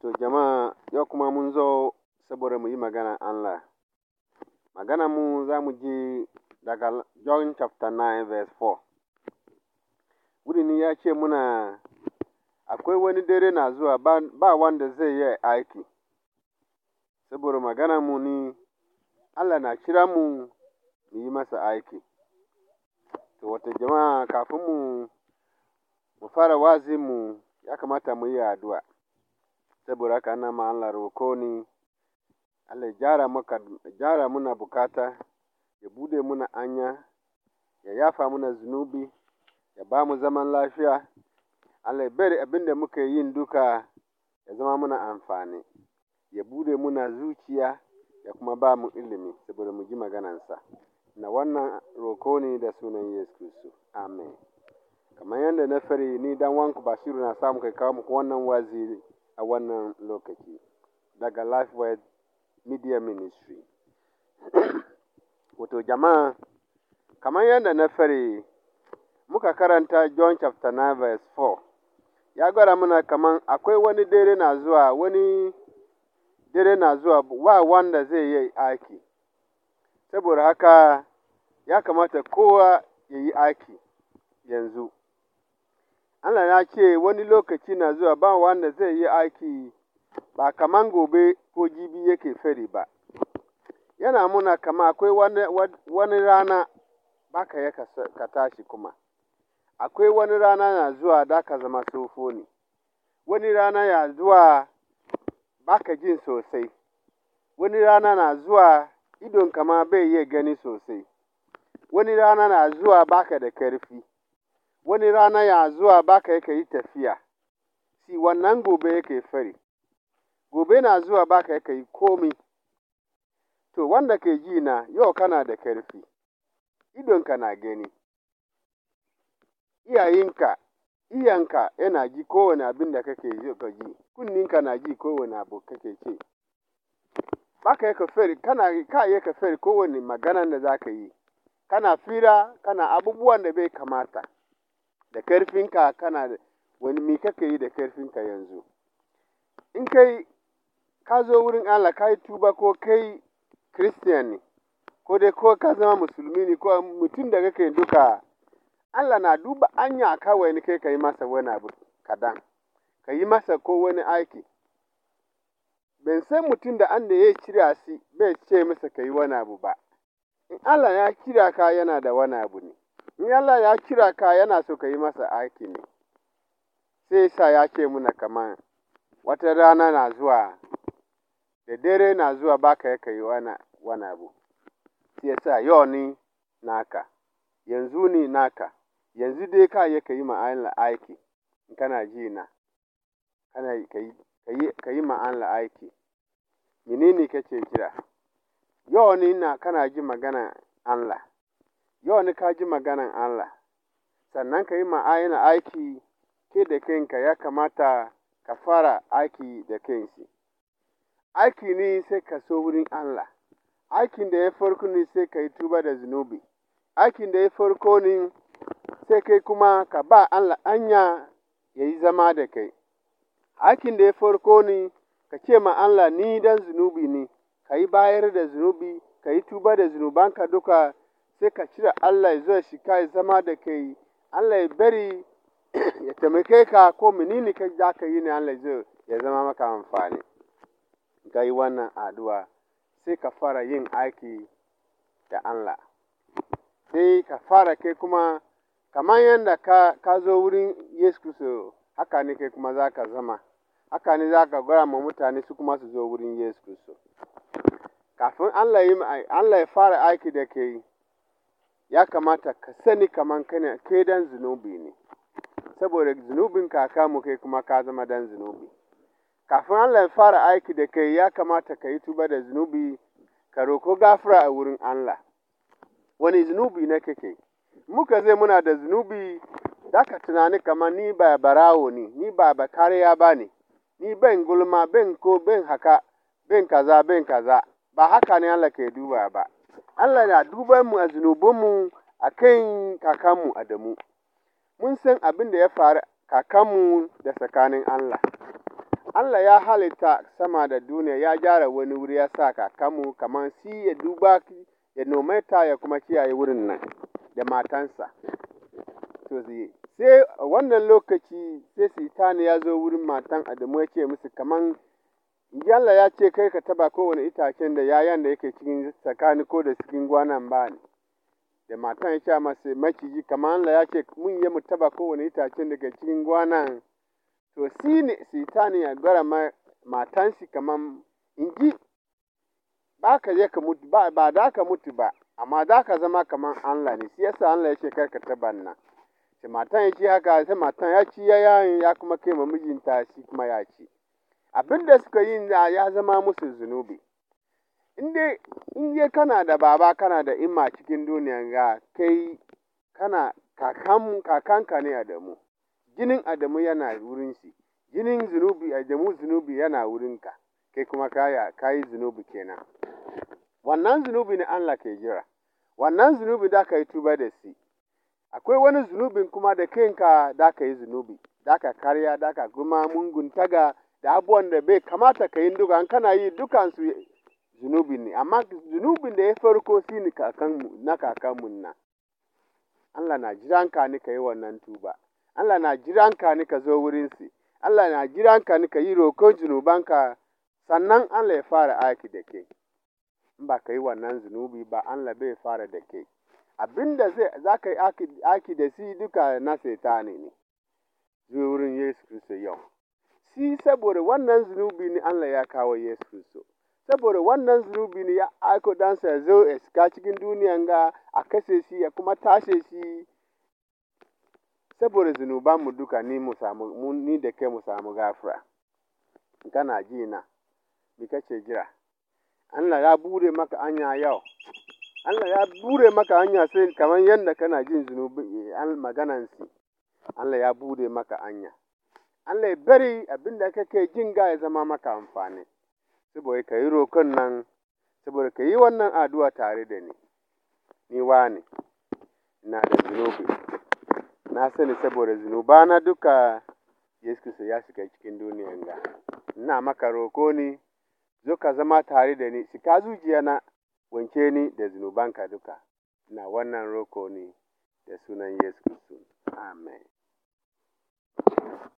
To jama'a yau kuma mun zo saboda mu yi magana Allah. Magana mu za mu ji daga John chapter 9 verse 4. ni ya ce muna akwai wani dare na zuwa ba wanda zai yi aiki. Saboda magana mu ni Allah na kira mu mu yi masa aiki. To wata jama'a kafin mu mu fara wazin mu ya kamata mu yi addu'a. saboda haka ana ma Allah roko ne Allah gyara maka gyara muna bukata ya bude muna anya ya yafa muna zunubi ya ba mu zaman lafiya Allah ya bari abin da muka yin duka ya zama muna amfani ya bude muna zuciya ya kuma ba mu ilimi saboda mu ji maganansa na wannan rokoni ne da sunan Yesu Kristo amen kamar yadda na fari ni dan wanku Bashiru na samu kai kawo muku wannan waziri a wannan lokaci daga LifeWed Media Ministry. Wato jama'a, kamar yadda na fari muka karanta John chapter 9 verse 4, ya gwada muna kamar akwai wani dare na zuwa wani dare na zuwa wa wanda zai yi aiki. Saboda haka ya kamata kowa ya yi aiki yanzu. Allah ya ce wani lokaci na zuwa ba wanda zai yi aiki ba kaman gobe ko jibi yake fari ba. Yana muna kama akwai wani, rana ba ka ya ka tashi kuma. Akwai wani rana na zuwa da ka zama tsofo ne. Wani rana ya zuwa ba ka jin sosai. Wani rana na zuwa idon kama bai iya gani sosai. Wani rana na zuwa ba ka da karfi. wani rana ya zuwa baka yake yi tafiya, si wannan gobe yake fari, gobe na zuwa baka yake yi komi. To, wanda ke ji na yau kana da karfi, idonka na gani, iyayenka, iyanka yana ji kowane abin da kake ji ka ji, kunninka na ji kowane abu kake ce. Baka yake fari, kana ka ka fari kowane maganan da za ka yi, kana fira, kana abubuwan da bai kamata. da karfinka kana wani mi kake yi da ka yanzu in kai ka zo wurin Allah ka yi tuba ko kai Christian ne ko dai ko ka zama musulmi ne ko mutum da kake duka Allah na duba anya kawai ne kai ka yi masa wani abu kadan ka yi masa ko wani aiki ban san mutum da an da ya kira shi bai ce masa ka yi wani abu ba in Allah ya kira ka yana da wani abu ne in Allah ya kira ka yana so ka yi masa aiki ne, sai sa ya ce muna kaman wata rana na zuwa, da dare na zuwa ba ka yaka yi wani abu, sai sa yau ni naka, yanzu ni naka, yanzu dai ka ka yi ma'anar aiki, in kana ji na, kana ka yi ma'anar aiki, menene kake kira? Yau ni na kana ji magana Allah. yau ni ka ji maganan Allah, sannan ka yi ma’ayin aiki ke da kanka ya kamata ka fara aiki da kanshi. Aiki ne sai ka so wurin Allah, aikin da ya farko ne sai ka yi tuba da zunubi, aikin da ya farko ne sai kai kuma ka ba Allah anya ya yi zama da kai. Aikin da ya farko ne ka ce ma Allah ni dan zunubi ne, ka yi bayar da zunubi, ka yi tuba da zunubanka duka sai ka cire Allah ya zo shi kai zama da kai Allah ya bari ya taimake ka ko menene ka za ka yi ne Allah ya ya zama maka amfani ga yi wannan addu'a sai ka fara yin aiki da Allah sai ka fara kai kuma kamar yadda ka, ka zo wurin Yesu Kristo haka ne kai kuma za ka zama haka ne za ka gwara ma mutane su kuma su zo wurin Yesu Kristo kafin Allah ya fara aiki da ke yi. ya kamata ka sani kaman kana dan zinubi ne saboda zunubin kaka mu kai kuma ka zama dan zunubi kafin Allah ya fara aiki da kai ya kamata ka yi tuba da zunubi ka roko gafara a wurin Allah wani zunubi na kake muka zai muna da zunubi da ka tunani kamar ni ba barawo ne ni ba ba kariya ba ne ni ben gulma ben ko ben haka ben kaza ben kaza ba haka ne Allah ke duba ba Allah na duba mu a zunubanmu a kan kakanmu Adamu. Mun san abin da ya faru kakanmu da tsakanin Allah. Allah ya halitta sama da duniya ya gyara wani wuri ya sa kakanmu kamar si ya duba ya nometa ya kuma kiyaye wurin nan da matansa. To sai wannan lokaci sai sitani ya zo wurin matan Adamu ya ce musu kaman Yalla ya ce kai ka taba kowane itacen da yayan da yake cikin tsakani ko da cikin gwanan ba ne. Da matan ya ce masa maciji kamar Allah ya ce mun yi mu taba kowane itacen daga cikin gwanan. To si ne sitani ya gara matan shi kamar in ji ba ka je ka mutu ba ba da ka mutu ba amma da ka zama kamar Allah ne shi yasa Allah ya ce kar ka taba nan. Sai matan ya ce haka sai matan ya ci ya ya kuma kai ma mijinta shi kuma ya ci. abin da suka yi ya zama musu zunubi. In dai kana da baba kana da imma cikin duniya ga kai kana kakan kakanka ne Adamu, jinin Adamu yana wurin shi, jinin zunubi Adamu zunubi yana ka. kai kuma kaya kayi zunubi kenan. Wannan zunubi ne Allah ke jira, wannan zunubi da ka yi tuba da shi. Akwai wani zunubin kuma da kanka da ka yi zunubi, da ka karya, da ka kuma munguntaga da abubuwan da bai kamata ka yi duka, an kana yi dukansu zunubi ne, amma zunubin da ya farko shi ne na kakanmu na. Allah na jiran ka ni ka yi wannan tuba, Allah na jiran ka ni ka zo wurinsu, Allah na jiran ka ni ka yi roƙon ka sannan Allah ya fara aiki da ke. In ba ka yi wannan zunubi ba, Allah bai fara da ke. Abin da za ka yi aiki da shi duka na setani ne, zuwa wurin Yesu Kiristo yau. shi saboda wannan zunubi ne Allah ya kawo Yesu Kristo. Saboda wannan zunubi ne ya aiko dansa ya zo ya shiga cikin duniyan ga a kashe shi ya kuma tashe shi saboda zunubanmu duka ni mu samu ni da kai mu samu gafara. Kana ji na, me kace jira? Allah ya bure maka anya yau. Allah ya bure maka anya sai kamar yadda kana jin zunubi maganan Allah ya bude maka anya Allah ya bari abin da kake jin ga ya zama maka amfani. Saboda ka yi roƙon nan, saboda ka yi wannan addu'a tare da ni. Ni wa ne, na da zunubi. Na sani saboda zunubana duka Yesu Kiristo ya shiga cikin duniyan ga. Ina maka roƙo ne, zo ka zama tare da ni, shika zuciya na wanke ni da zunubanka duka. na wannan roƙo ne da sunan Yesu Amen.